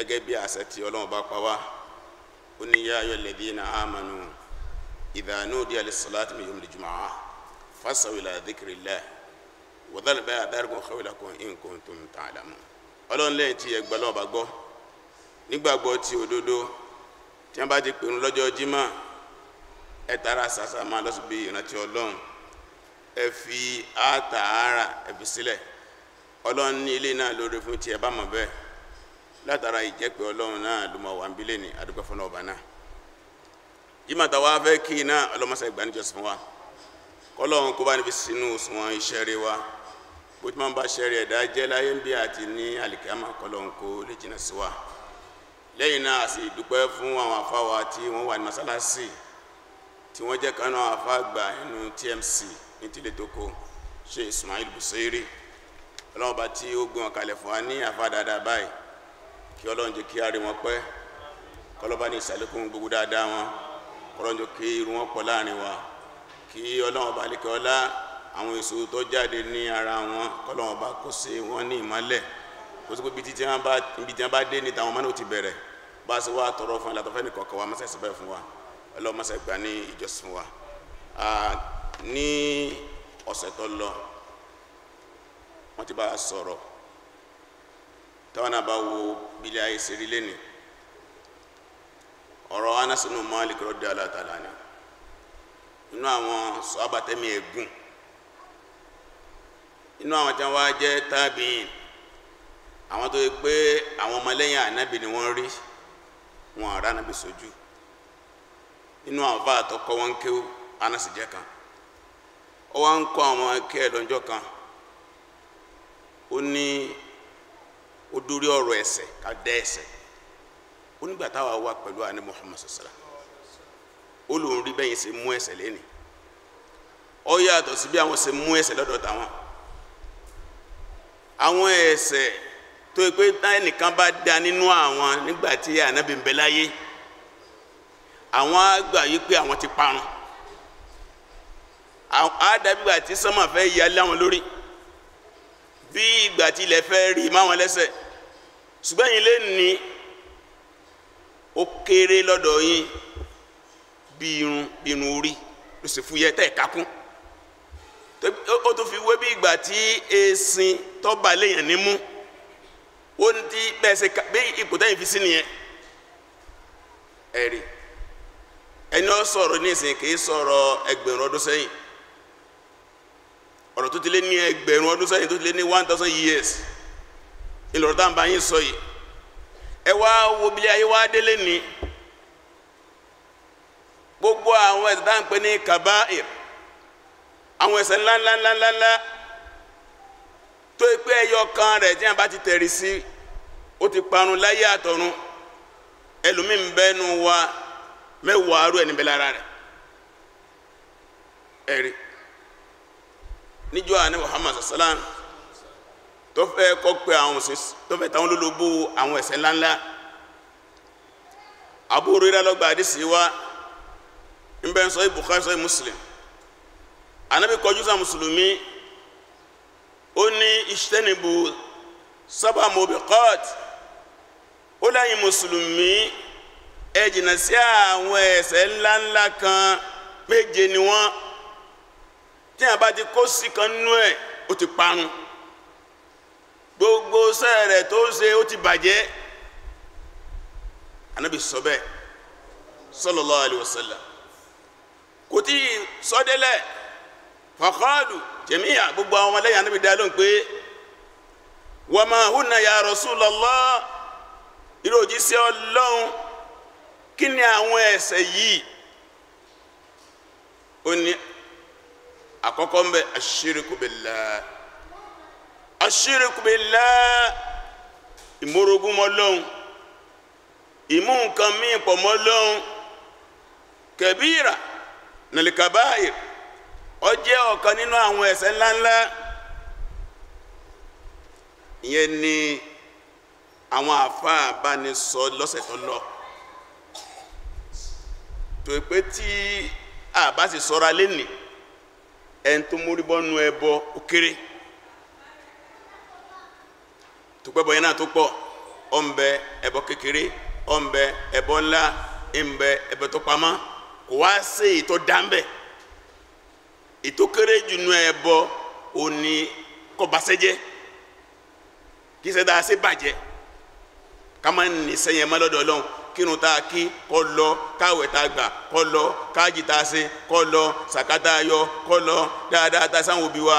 gẹ́gẹ́ bí àṣẹ tí ọlọ́run bá pa wá ó ní yá ayọ̀ lẹ́bí iná àmánu ìdánù di alẹ́sọ̀láàtì mi yomili jùmọ̀ á fásawìlà àdékèrè lẹ́ wọ́dálùbẹ́ àdárùkún xawìlà kan nǹkan tó ń tàn àdàmú. ọlọ́run lẹ́yìn tí ẹgbẹ́ ọlọ́run bá gbọ́ nígbàgbọ́ ti òdodo tí wọ́n bá ti pè ń lọ́jọ́ jímọ̀ ẹ tara sàṣà máa lọ́sùn bí ìrántí ọlọ́run ẹ fi àtàárà ẹ fi sílẹ̀ ọlọ́run ní ilé náà lóore fún tiẹ̀ bá mọ̀ bẹ́ẹ̀ látara ìjẹ́pẹ̀ ọlọ́run náà ló mọ̀ wà ń bílẹ̀ ní àdúgbò fún ọba náà jimata wa fẹ́ kí iná ọlọ́mọsá ìgbanijọ́sìn fún wa kọ́lọ́run kó bá níbi sínú òṣùwọ̀n iṣẹ́ rẹ wa bó ti máa ń bá iṣẹ́ rẹ ẹ̀dá jẹ́ láyé ń bí àti ní àlìkámà kọ́lọ́run kó lè jìnà sí wa lẹ́yìn náà a sì fún àwọn afáwa tí wọ́n wà ní mọ́sálásì tí wọ́n jẹ́ kanú àwọn afá àgbà nínú TMC ní tílé tókò ṣe Ismail Busairi ọlọ́run bá tí ó gbọ́n kalẹ̀ fún wa ní afá dáadáa báyìí kí ọlọ́run jẹ́ kí a rí wọn pẹ́ kọlọ́ba ní ìsàlẹ̀kùn gbogbo dáadáa wọn kọlọ́run jẹ́ kí irú wọn pọ̀ láàrin wa kí ọlọ́run ọba àlekẹ́ ọlá àwọn èso tó jáde ní ara wọn kọlọ́run ọba kó ṣe wọn ní ìmọ́lẹ̀ kó sì pé ibi tí wọ́n bá dé ní tàwọn ọmọ náà ti bẹ̀rẹ̀ bá a ṣe wá tọrọ fún ẹlẹ́tọ̀fẹ́ nìkan kan wa mọ́sẹ̀ síbẹ̀ fún wa ọlọ́run mọ́sẹ̀ gbà ní ìjọsìn wa ní ọ̀sẹ̀ tó lọ wọ́n ti bá a sọ̀rọ̀ tawana ba wo bilia ye serile ni ɔrɔ anase nu malik rɔdi ala ta la ni n'inu awon sɔ abatɛmi egun inu awon tí wọn jɛ tabiin àwọn tó yẹ pé àwọn ọmọlẹyìn anabi ni wọn rí wọn ara anabi sojú inu awon fa atɔkɔ wọn kéwu anase jɛ kan ɔwọn kɔ àwọn akéwà lɔnjɔ kan ó ní. ó dórí ọ̀rọ̀ ẹ̀ṣẹ̀ ká dá ẹ̀ṣẹ̀ onígbà táwa wà pẹ̀lú àní Muhammad sọ̀sọ̀la ó lòun rí bẹ́yìn ṣe mú ẹ̀ṣẹ̀ lẹ́ni ó yàtọ̀ sí bí àwọn ṣe mú ẹ̀ṣẹ̀ lọ́dọ̀ tàwọn àwọn ẹ̀ṣẹ̀ tó yẹ pé ẹnìkan bá da nínú àwọn nígbà tí ànábì ń bẹ láyé àwọn á gbà pé àwọn ti parun á dàbí ìgbà tí sánmà fẹ́ yà láwọn lórí bí ìgbà tí ilẹ̀ fẹ́ rí máwọn lẹ́sẹ̀ ṣùgbọ́n yìí lè ní ó kéré lọ́dọ̀ yín bí irun irun orí ló sì fúyẹ́ tẹ́ kakún ó tó fi wé bí ìgbà tí ẹṣin tọ́ba léèyàn ní mú ó ní tí bẹ́ẹ̀ ṣe bí ipò tẹ́yìn fi sí nìyẹn ẹ̀rí ẹni ó sọ̀rọ̀ nísìnyí kì í sọ̀rọ̀ ẹgbẹ̀rún ọdún sẹ́yìn ọ̀rọ̀ tó ti lé ní ẹgbẹ̀rún ọdún sẹ́yìn tó ti lé ní one thousand years. ìlọ̀rọ̀ tá à ń bá yín sọ yìí gbogbo àwọn ẹ̀ṣẹ̀ ní kaba'ir àwọn ẹ̀ṣẹ̀ ńláńláńláńlá tó pé ẹyọ kan rẹ̀ tí a bá ti tẹ̀rí sí o ti parun láyé àtọ̀run ẹlòmíín bẹ́nu wa tó fẹ́ kọ́ pé àwọn mùsùlùmí tó fẹ́ tàwọn olólobó àwọn ẹ̀ṣẹ̀ ńláńlá Abu Hurairah lọ́gbà àdìsí wa ń bẹ́ ń sọ Bukhari sọ Muslim anábì kọjú sáà mùsùlùmí ó ní ìṣtẹ́nìbù sábà mobiqat ó lẹ́yìn mùsùlùmí ẹ jìnà sí àwọn ẹ̀ṣẹ̀ ńláńlá kan méje ni wọ́n tí a bá ti kó sí kan nú ẹ̀ ó ti parun gbogbo sẹ́ rẹ̀ tó ṣe ó ti bàjẹ́ anabi sọ bẹ́ẹ̀ sallallahu alaihi wasallam kò tí ì sọdẹ́lẹ̀ faqalu jẹ̀míyà gbogbo àwọn ọmọlẹ́yìn anabi dá lóhùn pé wa ma hunna ya Rasulullah ìròjì sí ọlọ́run kí ni àwọn ẹ̀ṣẹ̀ yìí ó ní àkọ́kọ́ ń bẹ ashiriku billah. aṣíríkù billah ìmúrogún mọ́lọ́hun ìmú nǹkan míì pọ̀ mọ́lọ́hun kẹbíra nàlìkàbáyìr ó jẹ́ ọ̀kan nínú àwọn ẹ̀ṣẹ̀ ńláńlá ìyẹn ni àwọn àfáà bá ní sọ lọ́sẹ̀ tó lọ tó pé tí a bá sì sọ́ra lẹ́nìí ẹni tó mórí bọ́nu ó kéré. tùpẹ́bọ yẹn náà tó pọ̀ ọ̀nbẹ ẹbọ kékeré ọ̀nbẹ ẹbọ ńlá ẹ̀nbẹ ẹbọ tó pamọ́ kò wá sí ìtọ́ dáńbẹ̀ ètò kéré jù nù òní kọbasẹ́jẹ́ kí sẹ́dá sí bàjẹ́ kama ní sẹ́yìn ẹ̀mọ́ lọ́dọ̀ ọlọ́run kírun tá a kí kọ́ lọ káwẹ̀ tá a gbà kọ́ lọ káàjì tá a ṣe kọ́ lọ sàkátà yọ kọ́ lọ dáadáa tá a sáwọn òbí wa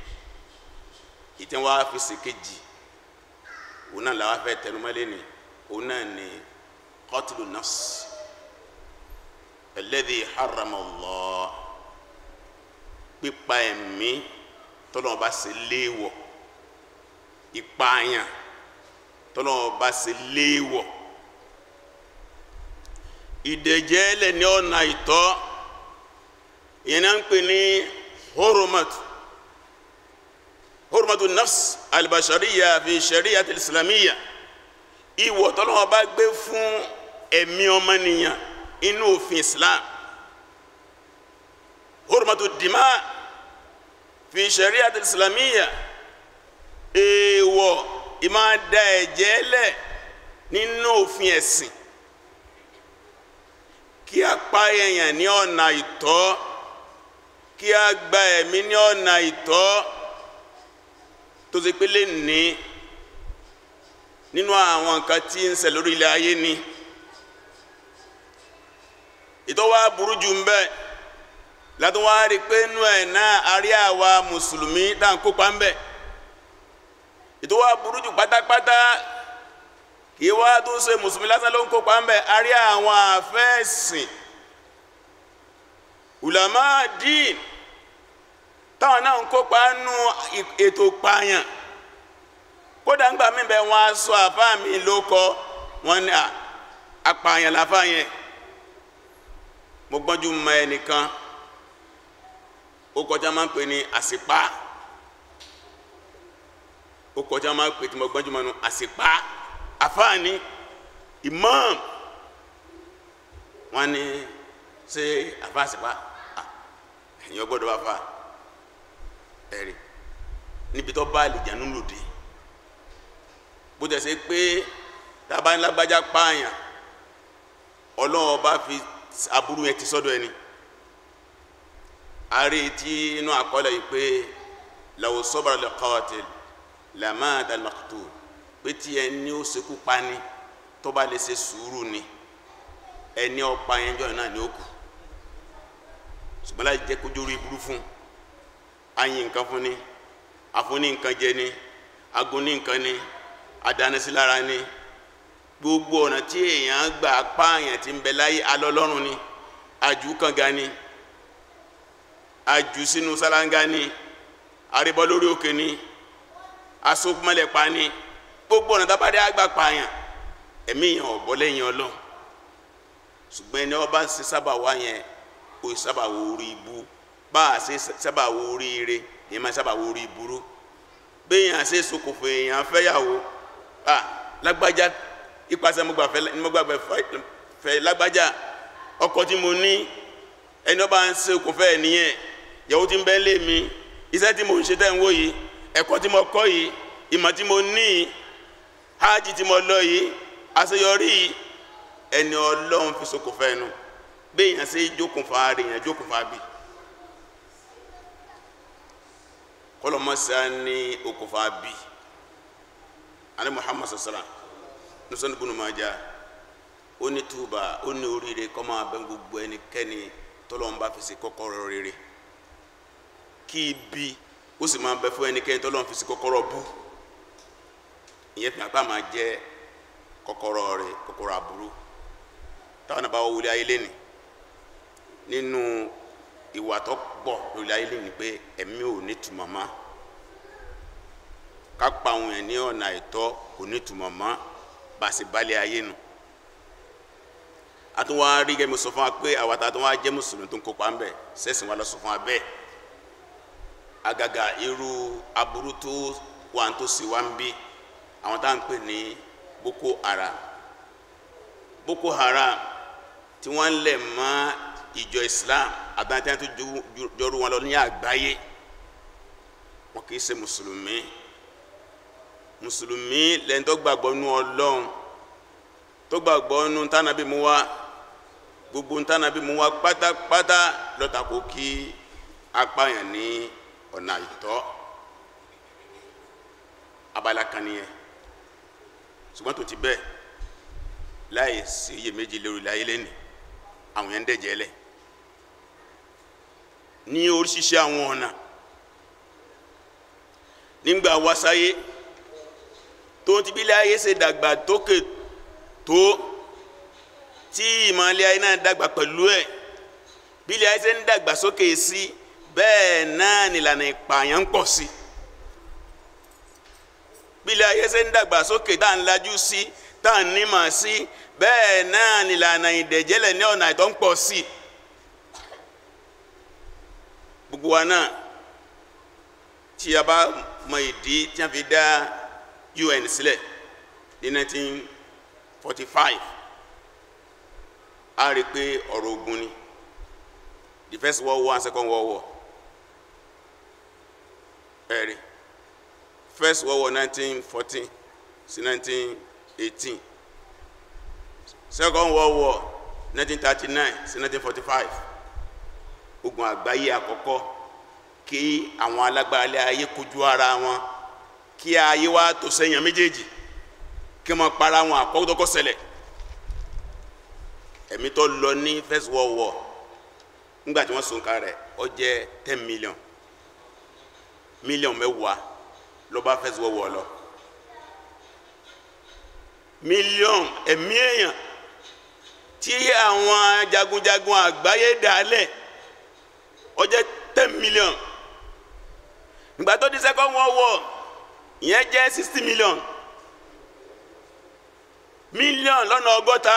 ìtẹ́ wá fi ṣèkejì òun náà làwọn afẹ́ tẹnumọ́lé ni òun náà ni qatlu nafs alladhi harrama Allah pípa ẹ̀mí tọ́lọ́ bá ṣe léèwọ̀ ìpààyàn tọ́lọ́ bá ṣe léèwọ̀ ìdẹ̀jẹ́ lẹ̀ ọ̀nà ìtọ́ ìyẹn náà ń pè ní horomatu hurmatu nafs albashariya fi sharia islamiya ìwọ̀ tọ́lọ́wọ́ bá gbé fún ẹ̀mí ọmọnìyàn inú òfin islam hurmatu dima fi sharia islamiya èèwọ̀ ìmá da ẹ̀jẹ̀ lẹ̀ nínú òfin ẹ̀sìn kí a pa èèyàn ní ọ̀nà ìtọ́ kí a gba ẹ̀mí ní ọ̀nà ìtọ́ tó ṣe pé lè ní nínú àwọn nǹkan tí ń ṣe lórí ilẹ̀ ayé ni ìtọ́wà burú jù ń bẹ́ẹ̀ látọ́wà rí pé inú ẹ̀ náà arí àwa mùsùlùmí dáa kópa ń bẹ̀ ìtọ́wà burú jù pátápátá kì wá tó ṣe mùsùlùmí lásán ló ń kópa ń bẹ̀ arí àwọn àfẹ́ẹ̀sìn ulama díìnì táwọn náà ń kópa nú ètò pààyàn kódà ń gbà mí bẹ wọn aṣọ àfá mi ló kọ wọn ní apààyàn láfá yẹn mo gbọ́njú mọ ẹnìkan ó kọjá máa ń pè ní àsìpá ó kọjá máa ń pè tí mo gbọ́njú mọ́nu àsìpá àfá ni imam wọn ní ṣe àfá àsìpá ẹ̀yin ò bá fà á ẹ̀rí níbi tó bá àlìjánu lòdì bó tẹ̀ ṣe pé tábánilágbájá pààyàn ọlọ́run ọba fi aburú yẹn ti sọ́dọ̀ ẹni àrí tí inú àkọọ́lẹ̀ yìí pé law sabara al-qatil lamata al-maqtul pé tí ẹni ó ṣekú pani tó bá lè ṣe sùúrù ni ẹni ọ̀pá yẹn jọ̀ọ́ náà ni ó kù ṣùgbọ́n láti jẹ́ kójú rí burú fún un ayin nǹkan fún ni afúnni nǹkan jẹ ni agunni nǹkan ni ni gbogbo ọ̀nà tí èèyàn gbà pààyàn ti ń bẹ láyé ni àjù kànga ni àjù ni àríbọ́ lórí òkè ni asopmọ́lẹ̀ pa ni gbogbo ọ̀nà tábàdé àgbà ẹ̀mí èèyàn ọ̀bọ lẹ́yìn ṣùgbọ́n ẹni ọba ń ṣe sábà wá yẹn kò sábà bá a ṣe sábà wo oríire èèyàn máa sábà wo orí burú béèyàn ṣe sokòfò èèyàn fẹ́yàwó à lágbájá ipasẹ̀ mo gbàgbẹ́ fẹ́ lágbájá ọkọ tí mo ní ẹni ọba ń ṣe okòfò ẹ̀ nìyẹn tí ń bẹ lé mi iṣẹ́ tí mo ń ṣe tẹ́ ń wò yìí ẹ̀kọ́ tí mo kọ́ yìí ìmọ̀ tí mo ní yìí hajj tí mo lọ yìí àṣeyọrí yìí ẹni ọlọ́run fi sokòfò ẹnu béèyàn ṣe jókòó fa rèèyàn jókòó fa bíi kɔlɔmasa ni okofa bi ani muhammad sallam nusɔnni bunu ma ja o ni tuba o ni oríire kó máa gbogbo ẹnikẹ́ni tọ́lọ́run bá fi sí kọ́kọ́rọ́ rere kí ibi ó sì máa bẹ fún ẹnikẹ́ni tọ́lọ́run fi sí kọ́kọ́rọ́ bú ìyẹn fìgbà pàmò jẹ́ ìwà tó pọ̀ lórí ayé lónìí pé ẹ̀mí ò ní tùmọ̀ mọ́ pa àwọn èèyàn ní ọ̀nà àìtọ́ kò ní tùmọ̀ mọ́ bá a sì balẹ̀ ayé nù a tún wá rí gẹ́gẹ́ sọ fún wa pé àwa tá tún wá jẹ́ mùsùlùmí tó ń kópa ń bẹ̀ sẹ́sìn wa lọ sọ fún wa bẹ́ẹ̀ irú aburú tó wà ń tó ń bí àwọn tá à Islam àbáńtẹ́ tó jọrú wọn lọ ní àgbáyé wọn kì í ṣe mùsùlùmí mùsùlùmí lẹ́yìn tó gbàgbọ́ nú ọlọ́run tó gbàgbọ́ nú tánàbí mú wá gbogbo tánàbí mú wá pátápátá lọ́tàkó kí apáyàn ní ọ̀nà àìtọ́ abala kan nìyẹn ṣùgbọ́n tó ti bẹ́ẹ̀ láì sí iyèméjì lórí láyé lẹ́nu àwọn yẹn ń dẹ̀jẹ̀ lẹ́ẹ̀ ní oríṣiríṣi àwọn ọ̀nà nígbà wasáyé tó ti bí láyé ṣe dàgbà tókè tó tí ìmọ̀lẹ́ ayé náà dàgbà pẹ̀lú ẹ̀ bí ayé ṣe ń dàgbà sókè sí bẹ́ẹ̀ náà nìlànà ìpààyàn ń pọ̀ sí bí ayé ṣe ń dàgbà sókè tá à ń lajú sí tá à ń nímọ̀ sí bẹ́ẹ̀ náà nìlànà ìdẹ̀jẹ̀lẹ̀ ní ọ̀nà Si gbogbo wa náà tí a bá mọ ìdí tí a fi dá UN sílẹ̀ ní 1945 a rí pé ọ̀rọ̀ ogun ni the first world war and second world war ẹ̀rí first world war 1914 sí 1918 second world war 1939 sí 1945 ogun àgbáyé àkọ́kọ́ kí àwọn alágbára ayé kojú ara wọn kí ayé wa tó sẹ́yìn méjèèjì kí wọ́n para wọn àkọ́kọ́ ṣẹlẹ̀ ẹ̀mí tó lọ ní first world war nígbà tí wọ́n ṣòǹkà rẹ̀ ọ jẹ́ ten million million mẹ́wàá ló bá first world war lọ million ẹ̀mí èèyàn tí àwọn jagunjagun àgbáyé dálẹ̀ ó ten million ìgbà tó di second world war ìyẹn jẹ́ sixty million million lọ́nà ọgọ́ta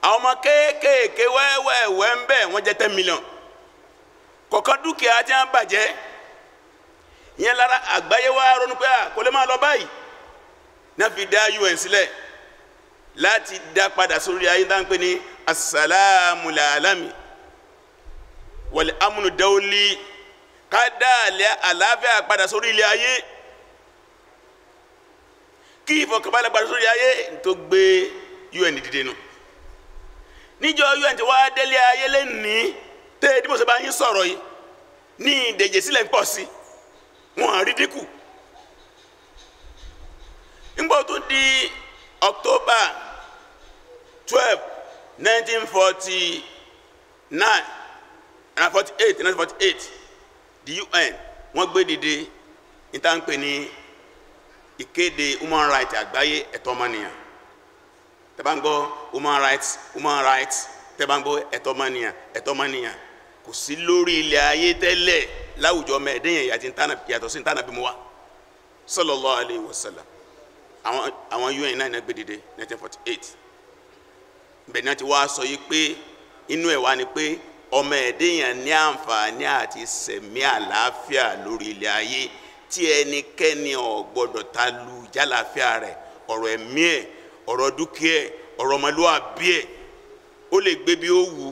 àwọn ọmọ kéékèèké wẹ́wẹ́wẹ́ ń bẹ̀ wọ́n jẹ́ ten million kọ̀ọ̀kan dúkìá tí wọ́n bàjẹ́ ìyẹn lára àgbáyé wa ronú pé kò lè máa lọ báyìí náà fi dá un sílẹ̀ láti dá padà sórí ayé dáńpé ní asalaamualami wal amnu dawli ká dá àlàáfíà padà sórí ilé ayé kí ìfọ̀kànbalẹ̀ padà sórí ayé tó gbé un dìde nù níjọ un ti wá délé ayé lẹ́nìí tẹ́ ẹ dìbòsí bá yín sọ̀rọ̀ yìí ní ìdèjì sílẹ̀ ń sí wọn àrí dínkù nígbà tó di October twelve nineteen forty nine and forty eight and forty eight the UN wọ́n gbé dìde níta ń pè ní ìkéde human rights àgbáyé ẹ̀tọ́ ọmọnìyàn tẹ́ bá ń gbọ́ human rights human rights tẹ́ bá ń gbọ́ ẹ̀tọ́ ọmọnìyàn ẹ̀tọ́ ọmọnìyàn kò sí lórí ilẹ̀ ayé tẹ́lẹ̀ láwùjọ ọmọ ẹ̀dẹ́yìn yàtọ̀ sí ntànà bí mo wà sallallahu alayhi wa sallam àwọn UN náà náà gbé dìde 1948 bẹ́ẹ̀ náà ti wá sọ yìí pé inú ẹ̀ wá ni pé ọmọ ẹ̀dẹ́yàn ní àǹfààní àti sẹ̀mí àlàáfíà lórí ilé ayé tí ẹnikẹ́ni ò ta lu jálàáfíà rẹ̀ ọ̀rọ̀ ẹ̀mí ẹ̀ ọ̀rọ̀ dúkìá ẹ̀ ọ̀rọ̀ ọmọlúwàbí ẹ̀ ó lè gbé bí ó wù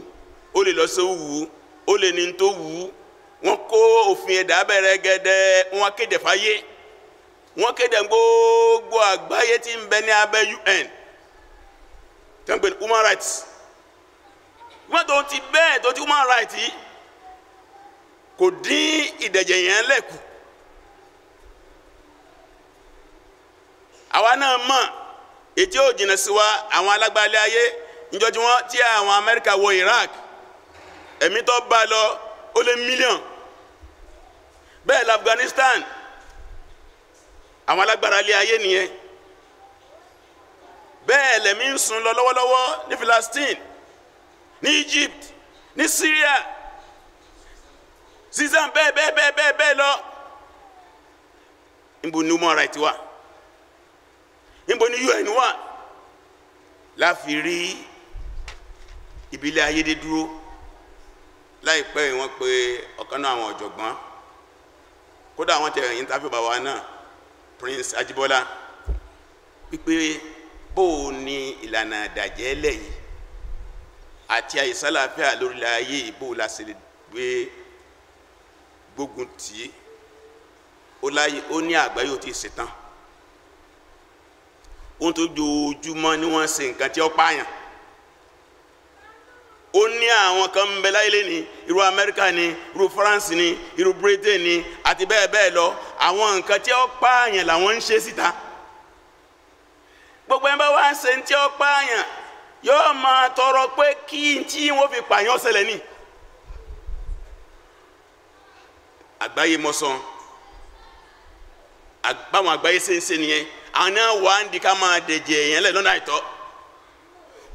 ó lè lọ sí ó lè ní tó wù wọ́n kó òfin ẹ̀dá bẹ̀rẹ̀ gẹ́dẹ́ wọ́n kéde UN wọ́n tó ti bẹ́ẹ̀ tó ti human rights? yìí kò dín ìdẹ̀jẹ̀ yẹn lẹ́kù àwa náà mọ̀ ètí ò jìnà sí wa àwọn alágbálẹ̀ ayé níjọ́ tí wọ́n tí àwọn Amẹ́ríkà wọ Iraq ẹ̀mí tó bá lọ ó lé mílíọ̀n bẹ́ẹ̀ la Afghanistan àwọn alágbára ilé ayé nìyẹn bẹ́ẹ̀ lẹ̀mí ń sun lọ lọ́wọ́lọ́wọ́ ní Palestine n'egypt n'isiria Syria susan bẹ́ẹ̀ bẹ́ẹ̀ bẹ́ẹ̀ bẹ́ẹ̀ bẹ́ẹ̀ lọ níbo ni human wa wà níbo ni UN wa láfi rí ìbílẹ̀ ayédèdúró láìpẹ́ pe ọ̀kan náà àwọn ọ̀jọ̀gbọ́n kódà àwọn tẹ̀ interview bàbá náà Prince Ajibola pípé bụ ni ìlànà àdàjẹ́ àti àìsálàáfíà lórílẹ̀ ayé ìbò láti lè gbé gbógun tí ó láyé ó ní àgbáyé ò tí ì ṣetán ohun tó jòjúmọ́ ni wọ́n ṣe nǹkan tí ó pààyàn ó ní àwọn kan ń bẹ láyé ní irú amẹ́ríkà ní irú france ní irú britain ní àti bẹ́ẹ̀ bẹ́ẹ̀ lọ àwọn nǹkan tí ó pààyàn làwọn ń ṣe síta gbogbo ẹ̀ bá wá ń ṣe tí ó pààyàn yóò máa tọrọ pé kí n tí wọn fi pààyàn ṣẹlẹ̀ ní. àgbáyé mọ̀sán báwọn àgbáyé ṣe ń ṣe nìyẹn àwọn wà á ń di ká máa dẹ̀jẹ̀ èèyàn lẹ lọ́nà àìtọ́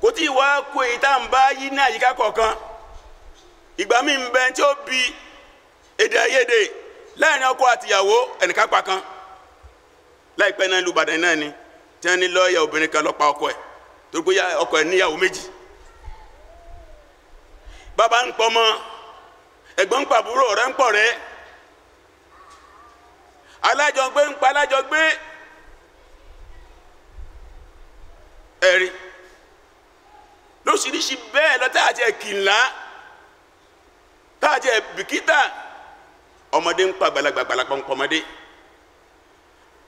kò tí ì wá kó èyí tá à ń bá yí ní àyíká kọ̀ọ̀kan ìgbà mi ń bẹ tí ó bi kan láìpẹ́ náà lùbàdàn náà ni tí wọ́n ní lọ́ọ̀yà obìnrin kan torí pé ọkọ ẹ̀ níyàwó méjì bàbá ń pọ̀ mọ́ ẹ̀gbọ́n ń pàbúrò ọ̀rẹ́ ń pọ̀ rẹ́ alájọgbé ń pa alájọgbé ẹ̀rí lóṣìṣì bẹ́ẹ̀ lọ àti ẹ̀kìnlá tá àti ọmọdé ń pa àgbàlagbà àgbàlagbà ń pọ̀ ọmọdé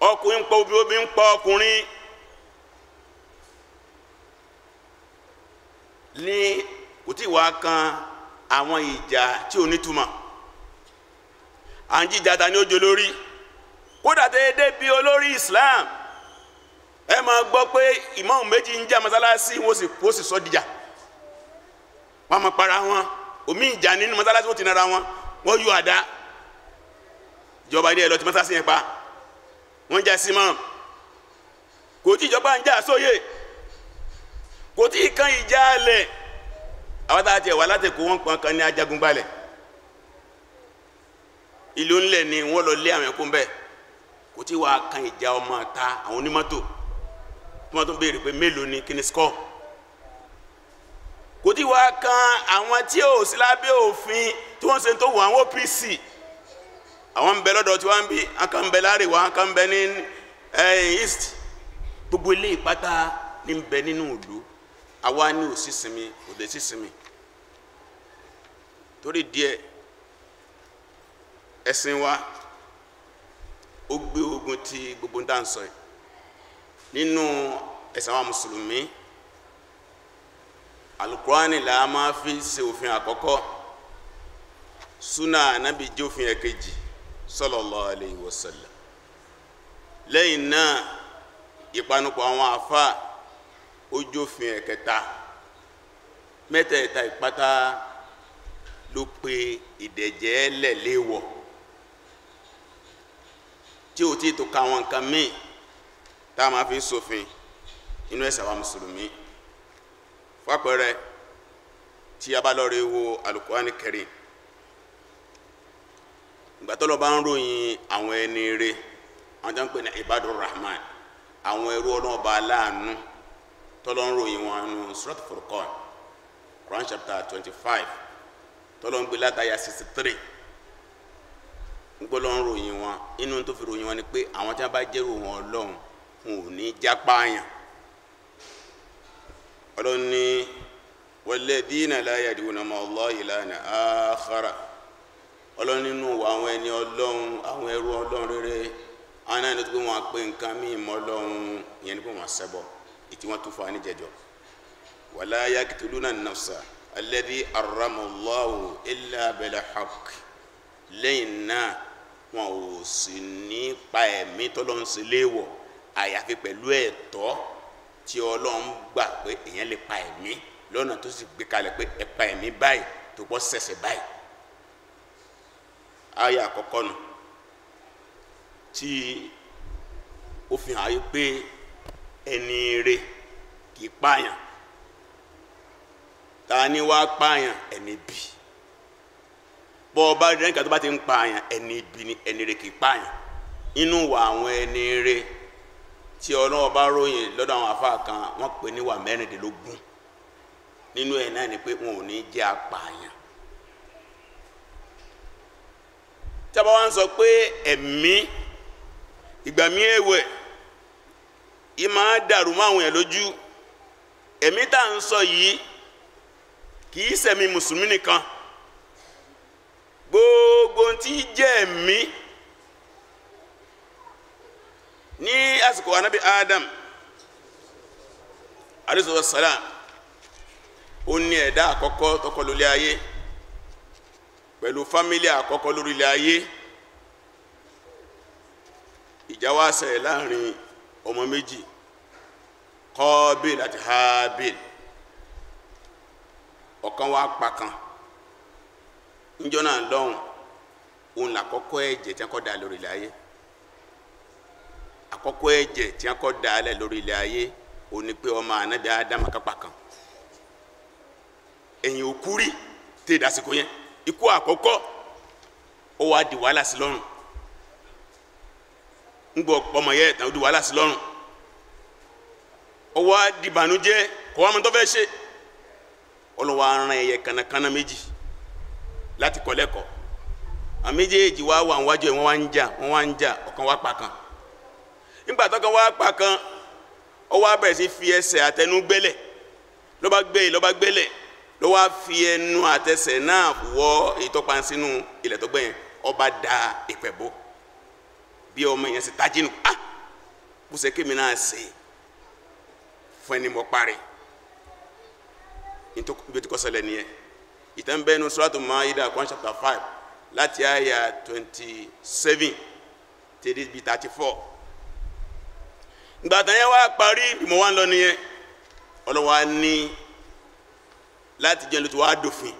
ọkùnrin ń pa obìnrin ń pa ọkùnrin. ní kò tí wàá kan àwọn ìjà tí ò nítumọ̀ à ń jíjà ta ni ó jẹ olórí kódà tẹ́ bí olórí Islam ẹ máa gbọ́ pé ìmáàmù méjì ń jà mọ́sálásí wọ́n sì wọ́n sì sọ́ dìjà wọ́n máa para wọn omi ìjà nínú mọ́sálásí wọ́n ti nara wọn wọ́n yọ àdá ìjọba ilé ẹ̀ lọ́ọ́ ti mọ́sálásí yẹn pa wọ́n jà sí kò tí ìjọba ń jà sóyè. So kò tí kan ìjà alẹ̀ àwọn tàà tiẹ̀ wà látẹ̀kù wọ́n pọn kan ní ajagunbalẹ̀ ìlú ńlẹ̀ ni wọ́n lọ lé àwọn ẹ̀kún bẹ́ẹ̀ kò tí wà kan ìjà ọmọ ta àwọn onímọ́tò tí wọ́n tún béèrè pé mélòó ni kí ni skọ́ kò tí wà kan àwọn tí ò sí lábẹ́ òfin tí wọ́n ṣe tó wọ àwọn OPC àwọn ń bẹ tí wọ́n ń bí akán ń bẹ láàrẹ̀wá akán ń ní eh, east gbogbo ilé ìpátá ní ń nínú ìlú àwa ní ò sí sinmi ò lè sí sinmi torí díẹ̀ ẹ̀sìn wa ó gbé ogun ti gbogbo ń dáǹsọ ẹ̀ nínú ẹ̀sìn àwọn mùsùlùmí alukurani la máa fi ṣe òfin àkọ́kọ́ suna anabi jẹ́ òfin ẹ̀kejì sallallahu alayhi wa sallam lẹ́yìn náà ìpanupọ̀ àwọn àfáà ojófin ẹ̀kẹta mẹ́tẹ̀ẹ̀ta ìpátá ló pe ìdẹ̀jẹ́ lẹ̀léwọ̀ tí ò tí tó ka àwọn nǹkan míì tá a máa fi ṣòfin inú ẹ̀sà wa mùsùlùmí fàpẹẹrẹ tí a bá lọ rí wo Al-Qur'an Karim bá ń ròyìn àwọn ẹni rere àwọn tó ń pè ní Ibadur Rahman àwọn ẹrú Ọlọ́run aláàánú tọlọ ń ròyìn wọn nù surat furqan Quran chapter twenty five tọ́lọ́ ń gbé látàyà sixty three ń gbọ́ lọ́n ròyìn wọn inú tó fi ròyìn ni pé àwọn tí wọ́n bá wọn ọlọ́run wọn ò ní ọlọ́run ní Allahi ọlọ́run nínú àwọn ẹni ọlọ́run àwọn ẹrú ọlọ́run rere àwọn náà pé á pé nǹkan ọlọ́run ètí wọn tún fún wa ní jẹjọ wala yaqtuluna an-nafsa alladhi harrama Allahu illa bil haqq lẹ́yìn náà wọn ò sì ní pa ẹ̀mí tọ́lọ́ ń ṣe léèwọ̀ àyàfi pẹ̀lú ẹ̀tọ́ tí ọlọ́run gbà pé èèyàn lè pa ẹ̀mí lọ́nà tó sì gbé kalẹ̀ pé ẹ pa ẹ̀mí báyìí tó bọ́ sẹ̀sẹ̀ báyìí. aya àkọ́kọ́ nù tí ó fi hàn yí pé ẹni rè kì í pààyàn ta ni wá pààyàn ẹni bì bọ́ ọba rẹ̀ nígbà tó bá ti ń pààyàn ẹni bì ni ẹni rè kì í pààyàn inú wà àwọn ẹni rè tí ọlọ́wọ́ bá ròyìn lọ́dọ̀ àwọn àfáà kan wọ́n pè ní wà mẹ́rìndínlógún nínú ẹ̀ náà ni pé wọn ò ní jẹ́ apààyàn tí a bá wá ń sọ pé ẹ̀mí ìgbà mí èwẹ̀ yìí máa dàrú mọ́ àwọn èèyàn lójú ẹ̀mí tá à ń sọ yìí kì í mùsùlùmí nìkan gbogbo tí jẹ́ ẹ̀mí ní àsìkò Adam alayhi salam ó ní ẹ̀dá àkọ́kọ́ tọkọ lórí ayé pẹ̀lú fámílì àkọ́kọ́ lórí ilẹ̀ ayé ọmọ méjì kọ́bíl àti habil ọ̀kan wá pa njọ níjọ́ náà lọ́hùn òun làkọ́kọ́ ẹ̀jẹ̀ tí wọ́n kọ́ da lórí ilẹ̀ ayé àkọ́kọ́ ẹ̀jẹ̀ tí wọ́n da lẹ̀ lórí ilẹ̀ ayé òun ni pé ọmọ ànábì ádámà kápá kan ẹ̀yìn òkúrì tẹ̀ dásìkò yẹn ikú àkọ́kọ́ ó ńgbọ ọmọ yẹ ẹtàn ojú wàhálà sí lọ́rùn ọwọ́ adìbànújẹ́ kọ wàá mọ tó fẹ́ ṣe ọlọwọ aràn ẹyẹ kànákànná méjì láti kọ lẹ́kọ̀ọ́ àwọn méjèèjì wá wà wájú ẹ wọn wá ń jà wọn wá ń jà ọ̀kan wá pa kan nígbà tó kan wá pa kan ọwọ́ abẹ̀rẹ̀ sí fi ẹsẹ̀ àtẹnu gbẹ́lẹ̀ ló gbé ló bá gbẹ́lẹ̀ ló fi ẹnu àtẹsẹ̀ náà wọ ètò pansínú ilẹ̀ bí ọmọ yẹn ṣe tají nù ah bó ṣe kémi náà ṣe fún ẹni mọ́ parí níbi tí kò ṣẹlẹ̀ nìyẹn ìtàn bẹ́ẹ̀ nu Suratu Maida Quran chapter five láti àyà twenty seven tèdí bíi thirty four gbàtàn yẹn wá parí ìmọ̀ wá ń lọ nìyẹn ọlọ́wà ní láti jẹun ló ti wá dòfin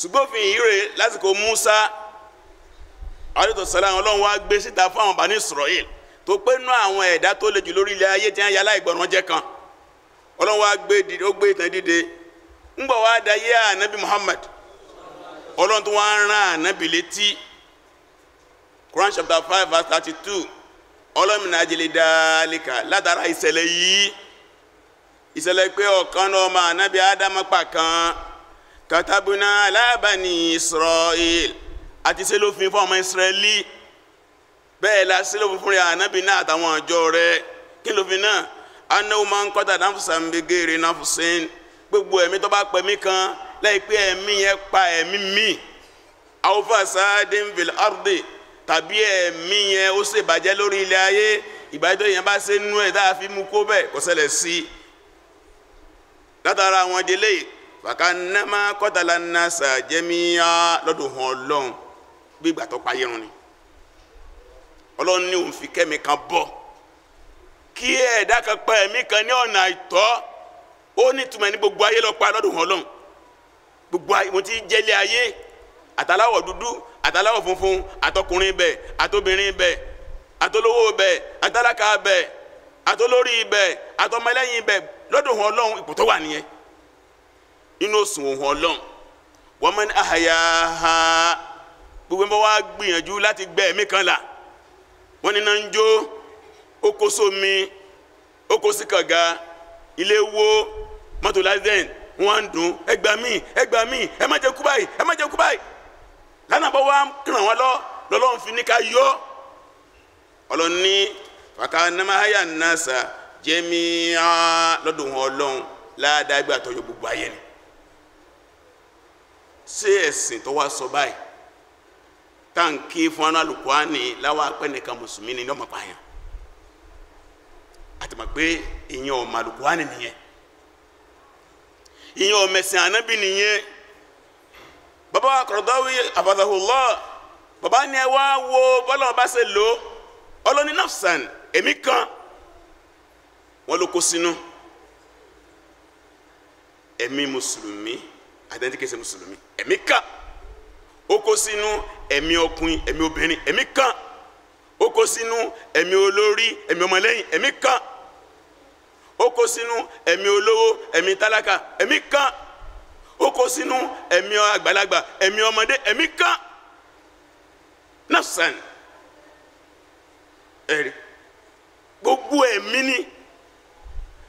ṣùgbọ́n òfin yìí lásìkò Musa. aleyhi salam ọlọ́run wá gbé síta fún àwọn bani israel tó pé nú àwọn ẹ̀dá tó le jù lórí ilẹ̀ ayé tí wọ́n yà láìgbọràn jẹ́ kan ọlọ́run wá gbé dìde ó gbé ìtàn dìde ńgbọ̀ wá muhammad ọlọ́run tó rán létí five verse thirty-two látara ìṣẹ̀lẹ̀ yìí ìṣẹ̀lẹ̀ pé ọ̀kan náà ọmọ kan katabuna àti ṣe lófin fún ọmọ Ísírẹ́lì bẹ́ẹ̀ la ṣe lófin fún rẹ̀ ànábì náà àtàwọn àjọ rẹ̀ kí lófin náà anáwó máa ń kọ́ta náfùsàmbégére náfùsìn gbogbo ẹ̀mí tó bá pẹ̀mí kan láìpẹ́ ẹ̀mí yẹn pa ẹ̀mí míì awufa sáádín vil ardi tàbí ẹ̀mí yẹn ó ṣèbàjẹ́ lórí ilẹ̀ ayé ìbàjẹ́ yẹn bá ṣe nú ẹ̀ tá a fi mú kó bẹ́ẹ̀ kó ṣẹlẹ̀ sí i látara àwọn délé fàkànnàmá kọ́tàlá nàṣà jẹ́míyà hàn lọ́hùn bí ìgbà tó pa ni ọlọ́run ní òun fi kẹ́mi kan bọ́ kí ẹ̀dá kan pa ẹ̀mí kan ní ọ̀nà àìtọ́ ó ní gbogbo ayé ló lọ́dún ọlọ́run gbogbo ayé mo ti jẹ́lé ayé àtàláwọ̀ dúdú funfun àtọkùnrin bẹ̀ àtobìnrin bẹ̀ àtolówó bẹ̀ àtàlákà bẹ̀ àtolórí bẹ̀ àtọmọlẹ́yìn bẹ̀ lọ́dún ipò tó wà nìyẹn òsùn wọ́n gbogbo ń bọ́ wá gbìyànjú láti gbẹ ẹ̀mí kan là wọ́n ní náà ń jó oko sómi oko sí kànga ilé wó mọ́tò láìsẹ̀n wọ́n á ń dùn ẹ gbà mí ẹ ẹ má jẹ́ kú báyìí ẹ má jẹ́ kú báyìí lánàá bọ́ wá ràn wọ́n lọ lọ́lọ́run fi ní ká yọ ọlọ́ni fàkà namahaya nasa jẹ́míà lọ́dọ̀ wọn ọlọ́run ládàá gbà tọ́jú gbogbo ayé ni ṣé ẹ̀sìn tó wá sọ báyìí tanki fún anu alukuani lawa akpẹ nìkan mùsùlùmí ni yọmọ kpanya àtàmà pé ìyẹn ọmọ alukuani nìyẹn ìyẹn ọmọ ẹsẹ anabi nìyẹn baba Qaradawi abadahulọ baba ni ẹ wá wo bọlá ọba ṣe lò ọlọni nafsan èmi kan wọn ló kó sínú emi mùsùlùmí àti ẹni tí kìí ṣe kan. ó kó sínú ẹ̀mí ọkùnrin ẹ̀mí obìnrin ẹ̀mí kan ó kó sínú ẹ̀mí olórí ẹ̀mí ọmọlẹ́yìn ẹ̀mí kan ó kó sínú ẹ̀mí olówó ẹ̀mí tálákà ẹ̀mí kan ó kó sínú ẹ̀mí àgbàlagbà ẹ̀mí ọmọdé ẹ̀mí kan nafsan ẹ̀rí gbogbo ẹ̀mí ni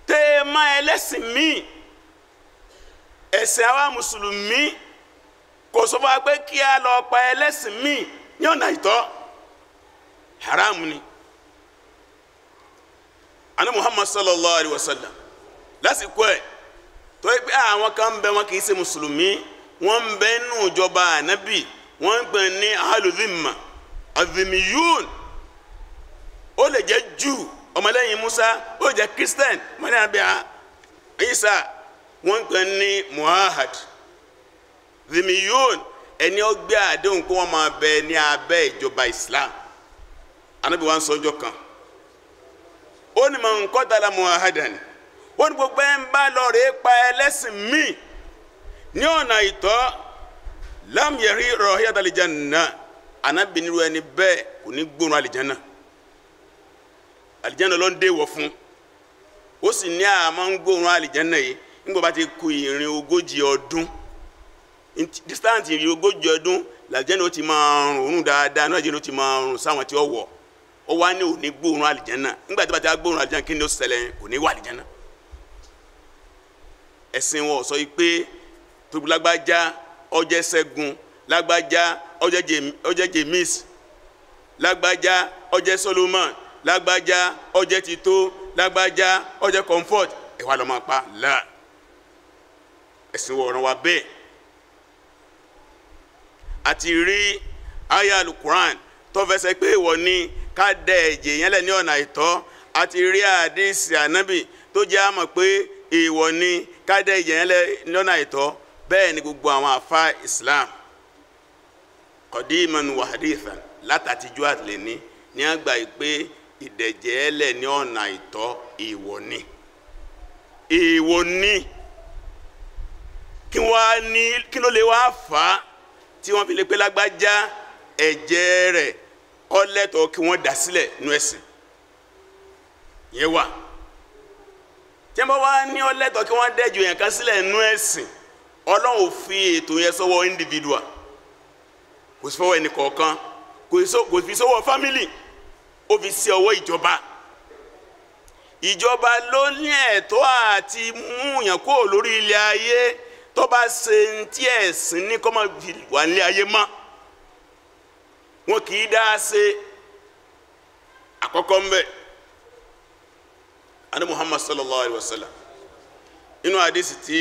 tẹ́ ẹ máa ẹlẹ́sìn míì ẹ̀sìn àwa mùsùlùmí. kò sọ fún wa pé kí a lọ pa ẹlẹ́sìn míì ní ọ̀nà ìtọ́ haram ni ani muhammad sallallahu alaihi wa sallam lásìkò ẹ̀ tó yẹ pé àwọn kan ń bẹ wọn kì í ṣe mùsùlùmí wọn ń bẹ nínú ìjọba ànábì wọn ń gbẹ ní alùvìmà alùvìmìyún ó lè jẹ́ jù ọmọlẹ́yìn musa ó lè jẹ́ christian ọmọlẹ́yìn abẹ́ isa wọn ń gbẹ ní muahad. zimiyun ẹni ọgbẹ́ àdéhùn kó wọ́n máa bẹ ní abẹ́ ìjọba islam anábì wa ń sọ kan ó ní màá ń kọ́ dala ó ní gbogbo ẹ ń bá pa mi ní ọ̀nà ìtọ́ lam yẹri rọ̀híyàtà àlìjáná anábì na ẹni bẹ́ẹ̀ kò ní gbóòórùn ló ń déwọ̀ fún ó sì ní àmọ́ ń gbóòórùn yìí nígbà distance ìrì ogójì ọdún làlìjẹ́nà ti máa rùn dáadáa náà jẹ́nà ti máa rùn sáwọn tí ó wọ̀ ó wá ní òní gbóòórùn àlìjẹ́nà nígbà tí bá ti á gbóòórùn àlìjẹ́nà kí ni ó ṣẹlẹ̀ òní wà àlìjẹ́nà ẹ̀sìn wọn sọ pé tóbi lágbájá ọjẹ́ ṣẹ́gun lágbájá ọjẹ́ james lágbájá ọjẹ́ solomon lágbájá ọjẹ́ tito lágbájá ọjẹ́ comfort ẹ̀ wá lọ́ máa pa láà ẹ̀sìn wọn ọ̀ràn wa bẹ́ẹ̀ àti rí aya alukuran tó fẹsẹ̀ pé ìwọ ni ká dẹ ẹ̀jẹ̀ yẹn lẹ̀ ní ọ̀nà àìtọ́ àti rí àdìsí ànábì tó jẹ́ àmọ̀ pé ìwọ ni ká dẹ ẹ̀jẹ̀ yẹn lẹ̀ ní ọ̀nà àìtọ́ bẹ́ẹ̀ ni gbogbo àwọn àfa Islam qadiman wa hadithan látàtijọ́ àtìlẹ́ni ní àgbà pé ìdẹ̀jẹ̀ ẹlẹ̀ ní ọ̀nà àìtọ́ ìwọ ni ìwọ ni kí wọ́n á ní kí ló lè wá fà tí wọ́n fi lè pé lágbájá ẹ̀jẹ̀ rẹ̀ ọlẹ́tọ̀ kí wọ́n dà sílẹ̀ nú ẹ̀sìn yẹn wà tí wọ́n wá ní ọlẹ́tọ̀ kí wọ́n dẹ́jọ yẹn kan sílẹ̀ nú ẹ̀sìn ọlọ́run fi ètò yẹn sọ́wọ́ individual kò sí fọwọ́ ẹnì kọ̀ọ̀kan kò fi sọ́wọ́ family ó fi sí ọwọ́ ìjọba ìjọba ló ní ẹ̀tọ́ àti múyàn kó lórí ilẹ̀ ayé tó bá ṣe ń tí ẹ̀sìn ní kọ́mọ wà nílé ayé mọ́ wọn kì í dá ṣe àkọ́kọ́ ń bẹ̀ ani muhammad sallallahu alayhi wa sallam inú hadisi tí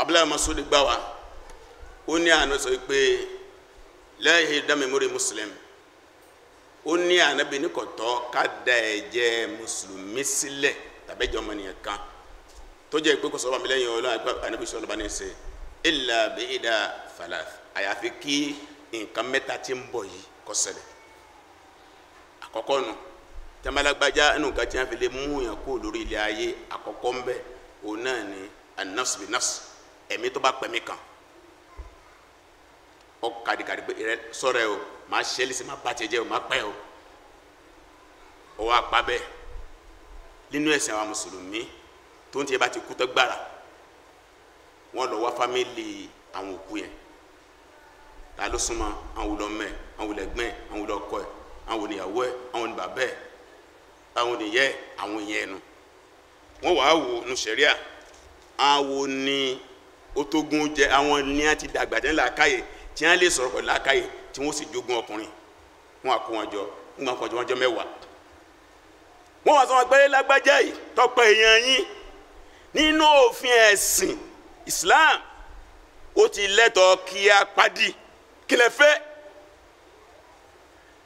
abdullahi masudi gbà wá ó ní àná sọ pé lẹ́yìn dámẹ́mórì muslim ó ní ànábì ní kò tọ́ ká da ẹ̀jẹ̀ mùsùlùmí sílẹ̀ tàbẹ́jọ́ ọmọnìyàn kan tó jẹ́ pé kò sọ́ba mi lẹ́yìn ọlọ́run àgbà ànábì sọ́ọ́ lọ́ba ní í ṣe ìlà bí ìdá falath àyàfi kí nǹkan mẹ́ta ti ń bọ̀ yìí kó ṣẹlẹ̀ àkọ́kọ́ nu tẹ́mẹ́lágbájá inú nǹkan tí wọ́n fi lè mú yàn kó lórí ilé ayé àkọ́kọ́ ń bẹ̀ òun náà ni an bi nafs ẹ̀mí tó bá pẹ̀mí kan ọ kàdìkàdì pé rẹ sọ̀rọ̀ ẹ o máa ṣe é lè ṣe máa bá jẹ́ o máa pẹ́ o ọwọ́ apá bẹ́ẹ̀ nínú ẹ̀sìn àwọn mùsùlùmí tó ń tiẹ̀ bá ti kú tán gbàrà wọ́n lọ wá fámìlì àwọn òkú yẹn ta ló súnmọ́ àwọn olọ́mọ ẹ̀ àwọn olẹ́gbẹ́ ẹ̀ àwọn olọ́kọ ẹ̀ àwọn oníyàwó ẹ̀ àwọn oníbàbẹ́ ẹ̀ àwọn oníyẹ́ ẹ̀ àwọn ìyẹn ẹnu wọ́n wàá wò nu sẹ̀ríà àwọn ni ó jẹ àwọn ní àti dàgbà jẹ́ làákàyè tí wọ́n lè sọ̀rọ̀ pẹ̀lú làákàyè tí wọ́n sì jogun ọkùnrin wọ́n àkó wọn jọ wọ́n àkó wọn jọ mẹ́wàá wọ́n wá sọ wọn pé lágbájá yìí tọ́pẹ́ èèyàn yín nínú òfin ẹ̀sìn Islam ó ti lẹ́tọ̀ọ́ kí a padì kílẹ̀ fẹ́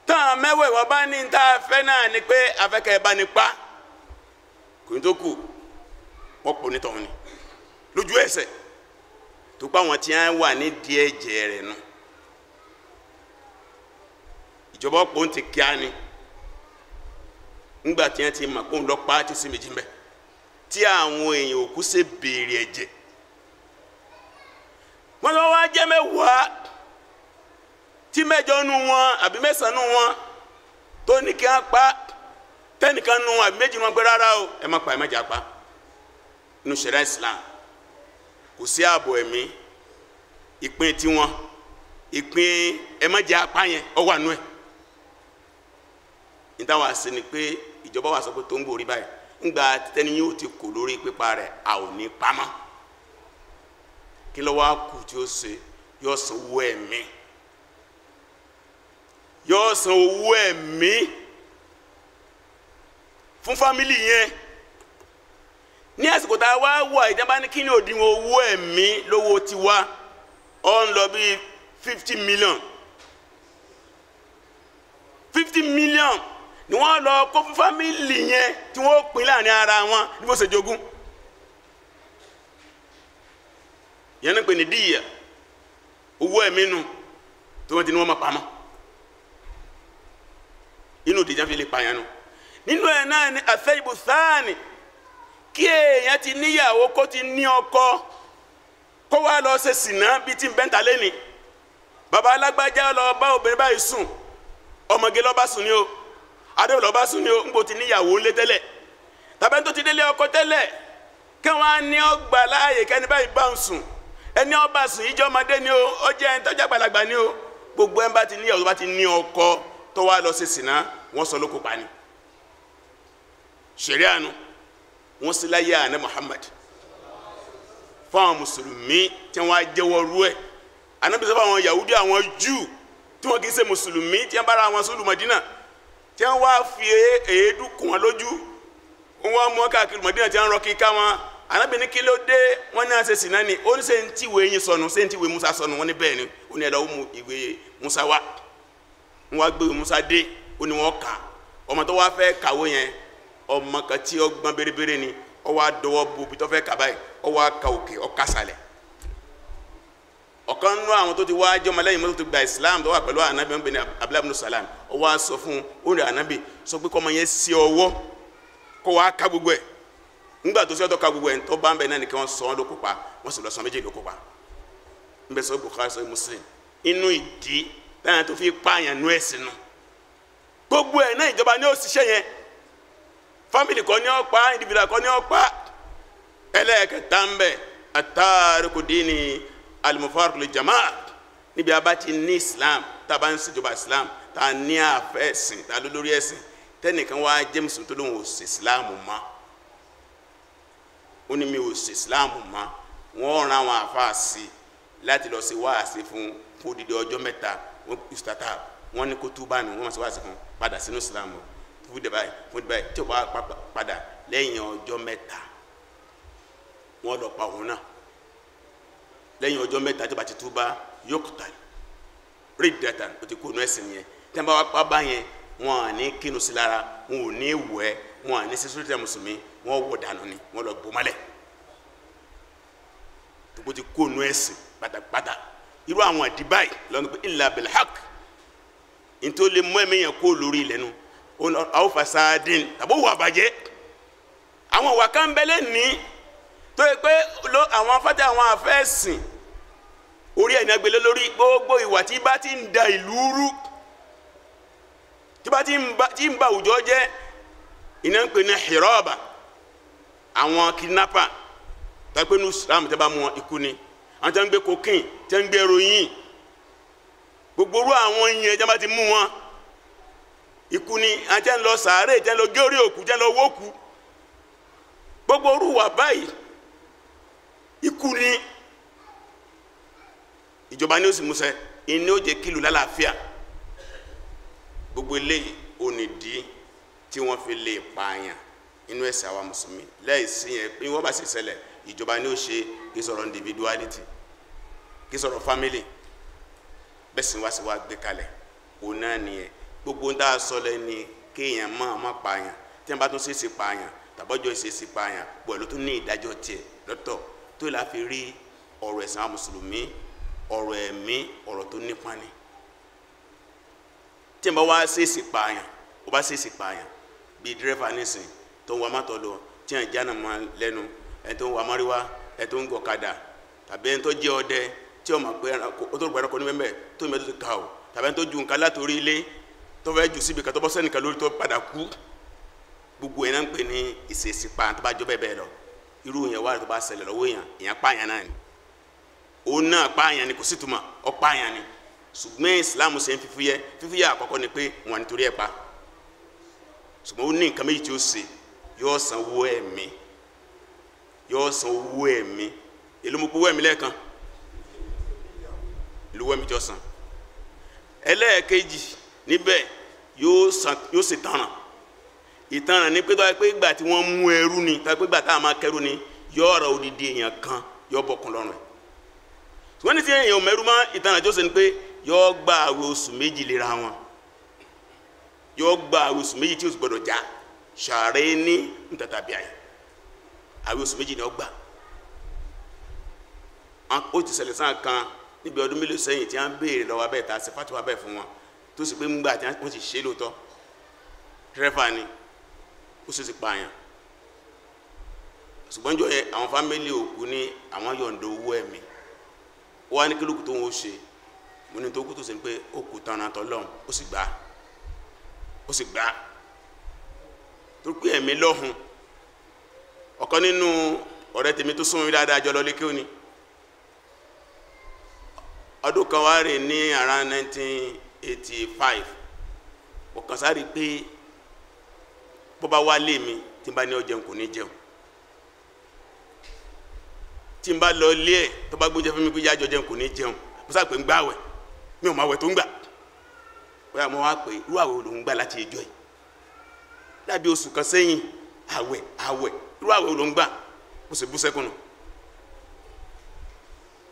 tán mẹ́wẹ̀ẹ́wá bá ní tá a fẹ́ náà ni pé afẹ́kẹ́ bá ní pa kò ní tó kù wọ́n pò nítorí ni lójú ẹsẹ̀ tó pa àwọn tí wọ́n wà ní díẹ̀ jẹ́ rẹ̀ nù ìjọba pò ń ti kíá ni ńgbà tí wọ́n ti mọ̀ pò ń lọ pa á ti sí méjì mbẹ́ tí àwọn èèyàn òkú ṣe béèrè ẹ̀jẹ̀ wọ́n lọ wá jẹ́ mẹ́wàá tí mẹ́jọ nu wọn àbí mẹ́sàn nu wọn tó ní kí wọ́n pa tẹ́nìkan nu wọn àbí méjì wọn gbé rárá o ẹ má pa ẹ má jà pa nínú Islam kò sí ààbò ẹ̀mí ìpín tiwọn ìpín ẹ má jà pa yẹn ọ wà nú ẹ níta wàá ni pé ìjọba wàá sọ pé tó ń borí báyìí ngba tẹ́ni yóò ti kò lórí pípa rẹ̀ a ò ní pamọ́ kí ló wá kù tí ó ṣe yóò san owó ẹ̀mí yóò san owó ẹ̀mí fún fámìlì yẹn ní àsìkò tá a wá wà ìjọba ní kí ni owó ẹ̀mí lówó tiwa ó ń lọ bíi fifty million fifty million. ni wọn lọ kó fún fámìlì yẹn tí wọ́n pin láàrin ara wọn ní bó ṣe jogún yẹn ní pé ní díyà owó ẹ̀mí nu tí wọ́n ti ní wọ́n máa pamọ́ inú ìdíjà fi lè pa yẹn nu nínú ẹ̀ náà ni àfẹ́ ibùsáàni kí èèyàn ti níyàwó kó ti ní ọkọ kó wá lọ ṣe sìnà bíi ti bẹ́ńtà lẹ́ni baba alágbájá lọ bá obìnrin báyìí sùn ọmọge lọ sùn ni o. adébọ̀lọ́ bá sún ni o ń ti níyàwó lé tẹlẹ tó ti délé ọkọ tẹlẹ kí ní ọgbà láàyè báyìí bá ń sùn ẹni ọba sùn ìjọ ọmọdé ni ó ó ẹni ni o gbogbo ẹni ti níyàwó ọkọ tó wá lọ sí sọ lóko pani àánú sì láyé àná Muhammad fáwọn mùsùlùmí tí á rú fáwọn àwọn tí kì í ṣe mùsùlùmí tí wọ́n wá fi èédú e- kùn wọn lójú wọ́n mú káàkiri mọ̀dínà tí wọ́n rọ kíká wọn arábìnrin kí ló dé wọ́n ní àṣẹ sìnà ni ó ní sẹ́yìn tí ìwé yín sọnù sẹ́yìn tí ìwé Musa sọnù wọ́n ní bẹ́ẹ̀ ni ó ní ẹ̀dá ó mú ìwé Musa wá wọ́n wá gbé Musa dé ó ní wọ́n kà ọmọ tó wá fẹ́ kàwé yẹn ọmọ kan tí ó gbọ́n ni ó wá bu bí tó fẹ́ kà báyìí ó wá ọ̀kan nú àwọn tó ti wá jẹ́ lẹ́yìn mọ́tò tó gba islam tó wà pẹ̀lú anabi ń pè ní salam ó wá sọ fún orí anabi sọ pé nye yẹn sí ọwọ́ kó wá ká gbogbo ẹ̀ nígbà tó sí ọ̀tọ̀ ká gbogbo ẹ̀ tó bá ń bẹ̀ náà sọ wọn ló kópa wọ́n sì lọ sọ méjì sọ Bukhari sọ Muslim inú ìdí tó fi nú gbogbo ẹ̀ náà ìjọba ni ó ṣiṣẹ́ yẹn n'i individual n'i alimufaru le jamaa níbi a bá ti ní islam tá a bá ń ṣèjọba islam tá a ní àfẹ́ ẹ̀sìn tá a ló lórí ẹ̀sìn tẹ́nìkan wá james tó lóun ò ṣe islam mọ́ ó ní mi ò ṣe islam mọ́ wọ́n ran àwọn àfáà sí láti lọ sí wáàsí fún fún odidi ọjọ́ mẹ́ta wọ́n kú sítátà ní kó túbà nù wọ́n máa wáàsí fún padà sínú islam fún dìbà fún dìbà tí o bá padà lẹ́yìn ọjọ́ mẹ́ta wọ́n lọ pa òun náà lẹ́yìn ọjọ́ mẹ́ta tó bá ti túbá yókùtà ríd dẹ́tàn ó ti kó inú ẹ̀sìn yẹn tí wọ́n bá wá bá yẹn wọn à ní kínu sí lára wọn ò ní wọ ẹ wọn à ní sísúrú tẹ mùsùlùmí wọn wọ dànù ni wọn lọ gbọmọlẹ̀ tó kó ti kó inú ẹ̀sìn pátápátá irú àwọn àdìbà yìí lọ́nà pé ilà bil haqq nítorí lè mú ẹ̀mí yẹn kó lórí ilẹ̀ àwọn fasadin tàbó wà bàjẹ́ àwọn wà ní tó yẹ pé àwọn afájà àwọn afẹ́sìn orí ẹ̀yìn agbélé lórí gbogbo ìwà tí bá ti ń da ìlú rú tí bá ti ń ba àwùjọ jẹ́ iná ń pè ní hìrọ́ọ̀bà àwọn kidnapper tọ́pẹ́ ní Islam tẹ́ bá mú ikú ni àwọn gbé gbogbo orú àwọn yẹn tí bá ti mú wọn ikú ni àwọn ń lọ gbogbo orú wà báyìí ìjọba ní ó sì múṣẹ ìní ó jẹ́ kílù lálàáfíà gbogbo eléyìí ò ní dí tí wọ́n fi lè pààyàn inú ẹ̀sìn àwa mùsùlùmí lẹ́yìn yẹn pé wọ́n bá sì ṣẹlẹ̀ ìjọba ní ó ṣe kí sọ̀rọ̀ individuality kí sọ̀rọ̀ family bẹ́ẹ̀ sì wá sí wá gbé kalẹ̀ òun náà nìyẹn gbogbo ń dá a sọ lẹ́ni kéèyàn máa má pààyàn tí wọ́n bá tún ṣèṣì pààyàn tàbọ́jọ́ ìṣèṣì pààyàn pẹ̀lú tó ní ìdájọ́ tiẹ̀ lọ́tọ̀ tó láfi rí ọ̀rọ̀ ẹ̀sìn àwọn mùsùlùmí ọ̀rọ̀ ẹ̀mí ọ̀rọ̀ tó nípa ni tí n bá wá ṣèèṣì pààyàn ó bá ṣèèṣì pààyàn bíi dírẹ́fà nísìn tó ń wa mọ́tò lọ tí à jáná mọ́ lẹ́nu ẹni tó ń mọ́ríwá ẹni tó ń tàbí ẹni tó jẹ́ ọdẹ tí ó mọ̀ pé ó tó gbàdúrà kọ́ ní mẹ́mẹ́ tó ń mẹ́tò ti kà tàbí ẹni tó ju nǹkan látòrí ilé tó fẹ́ jù síbi bọ́ sẹ́nìkan lórí tó padà gbogbo ẹ̀ náà ń pè ní ìṣèṣì bẹ́ẹ̀ bẹ́ẹ̀ lọ irú yẹn wà tó bá ṣẹlẹ̀ lọ́wọ́ òun náà pààyàn ni kò sì túmọ̀ ọ pààyàn ni ṣùgbọ́n islam ṣe ń fífúyẹ́ fífúyẹ́ àkọ́kọ́ ni pé wọ́n nítorí ẹ̀ pa ṣùgbọ́n ó ní nǹkan méjì tí ó ṣe yóò san owó ẹ̀mí yóò san owó ẹ̀mí èló mo gbowó ẹ̀mí lẹ́ẹ̀kan ìlú ẹ̀mí jọ san ẹlẹ́ẹ̀kejì níbẹ̀ yóò san yóò ṣe tanràn ìtanràn ni pé tó wáyé pé ìgbà tí wọ́n mú ẹrú ni tó wáyé pé ìgbà táwọn máa kẹrú ni yóò ra odidi èèyàn kan yóò bọ̀kun lọ́rùn wọ́n ní tí èèyàn mẹ́rú mọ́ ìtànà tó ṣe ni pé yọ gba àwẹ̀ oṣù méjì lera wọn yọ gba àwẹ̀ oṣù méjì tí oṣù gbọdọ̀ já ṣàárẹ̀ ní ntàtà bíi àyè oṣù méjì ni ọ gbà ó ti ṣẹlẹ̀ sáà kan níbi ọdún mélòó sẹ́yìn tí wọ́n béèrè lọ́wọ́ abẹ́ ta sípàtì wà bẹ́ẹ̀ fún wọn tó sì pé ń gbà tí wọ́n ti ṣe lóòótọ́ dírẹ́fà ni ó sì ti pààyàn ṣùgbọ́n jọ yẹn àwọn fámìlì òkú ní àwọn yọ̀ǹda owó ẹ̀mí ó wá ní kílùkù tó ń ó ṣe mo ní tó kú tó ṣe pé ó kù tanra tọlọ́hún ó sì gbà ó sì gbà tó pé ẹ̀mí lọ́hùn ọ̀kan nínú ọ̀rẹ́ tèmi tó súnmọ́ mi dáadáa jọ lọ́lé kí ó ní ọdún kan wá rè ní around 1985 mo kàn sáré pé bó bá wá mi tí n bá ní ó jẹun kò ní jẹun tí n bá lọ ilé ẹ̀ tó bá gbóúnjẹ fún mi pé yájọ jẹun kò ní jẹun mo sá pé ń gbá àwẹ̀ mi ò mọ àwẹ̀ tó ń gbà bóyá mo wá pé irú àwẹ̀ ló ń gbà láti ẹjọ́ yìí dàbí oṣù kan sẹ́yìn àwẹ̀ àwẹ̀ irú àwẹ̀ ló ń gbà mo sì bú sẹ́kùnù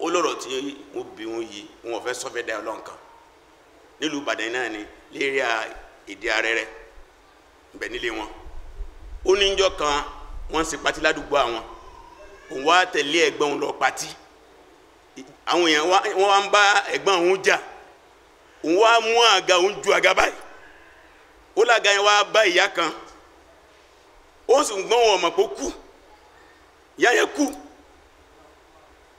ó lọ́rọ̀ tí mo bí wọn yìí wọn fẹ́ sọ́fẹ́ dá ọlọ́nkan nílùú Ìbàdàn náà ni lérí èdè arẹrẹ ibẹ̀ nílé wọn ó ní njọ́ kan wọ́n ń ṣe pátí ládùúgbò àwọn òun wá tẹ̀lé ẹ̀gbọ́n òun lọ patí àwọn èèyàn wọ́n wá ń bá ẹ̀gbọ́n òun jà òun wá mú àga òun ju àga báyìí ó lága yẹn wá bá ìyá kan ó sì ń gbọ́n wọn mọ̀ pé ó kú ìyá yẹn kú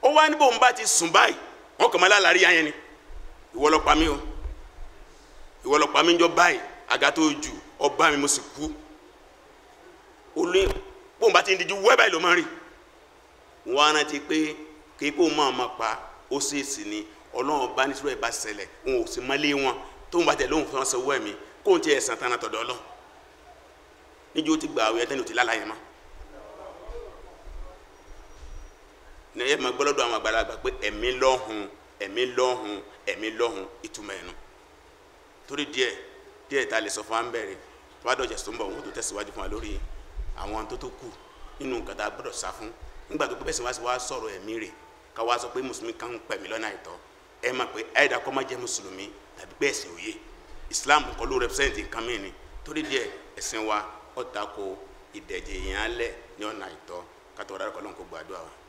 ó wá níbo ń bá ti sùn báyìí wọn kàn máa lálàárí ìyá yẹn ni ìwọ lọ pa mí o ìwọ lọ pa mí jọ báyìí àga tó jù ọba mi mo sì kú ó ní bá ti ń dijú wẹ́ẹ́ báyìí ló máa rìn wọ́n á rántí pé kí kó máa ma pa ó sì sì ni ọlọ́run bá ní sùúrù ẹ̀ bá ṣẹlẹ̀ òun ò sì mọ́lé wọn tóun bá tẹ̀ lóun fẹ́ wọn sọ owó ẹ̀mí kóun ti ẹ̀sán tán àtọ̀dọ̀ ọlọ́ níjó ti gbà àwẹ̀ ẹ̀tẹ́ni ò ti lálàyé mọ́ ní ẹ̀ máa gbọ́lọ́dọ̀ àwọn àgbàlagbà pé ẹ̀mí lọ́hùn ẹ̀mí lọ́hùn ẹ̀mí lọ́hùn ìtumọ̀ ẹ̀nu torí díẹ̀ díẹ̀ ta lè sọ fún wa ń bẹ̀rẹ̀ tó bá dọ̀jẹ̀ tó ń bọ̀ wọn tó tẹ̀síwájú fún wa lórí àwọn tó tó kù nínú nǹkan tá a gbọ́dọ̀ sá fún nígbà tó pẹ́sìn wá sí wá sọ̀rọ̀ ẹ̀mí rẹ̀ ká wá sọ pé mùsùlùmí kan ń pẹ̀mí lọ́nà àìtọ́ ẹ mọ̀ pé àìdá kọ́ má jẹ́ mùsùlùmí tàbí pé ẹ̀sìn òye Islam kọ́ ló rẹpẹ́sẹ̀ntì nǹkan mìíní torí díẹ̀ ẹ̀sìn wa ọ̀tako ìdẹ̀jẹ̀ ìyẹn alẹ́ ní ọ̀nà àìtọ́ kátó ọ̀dà kọ́ lóun gbàdúrà wa.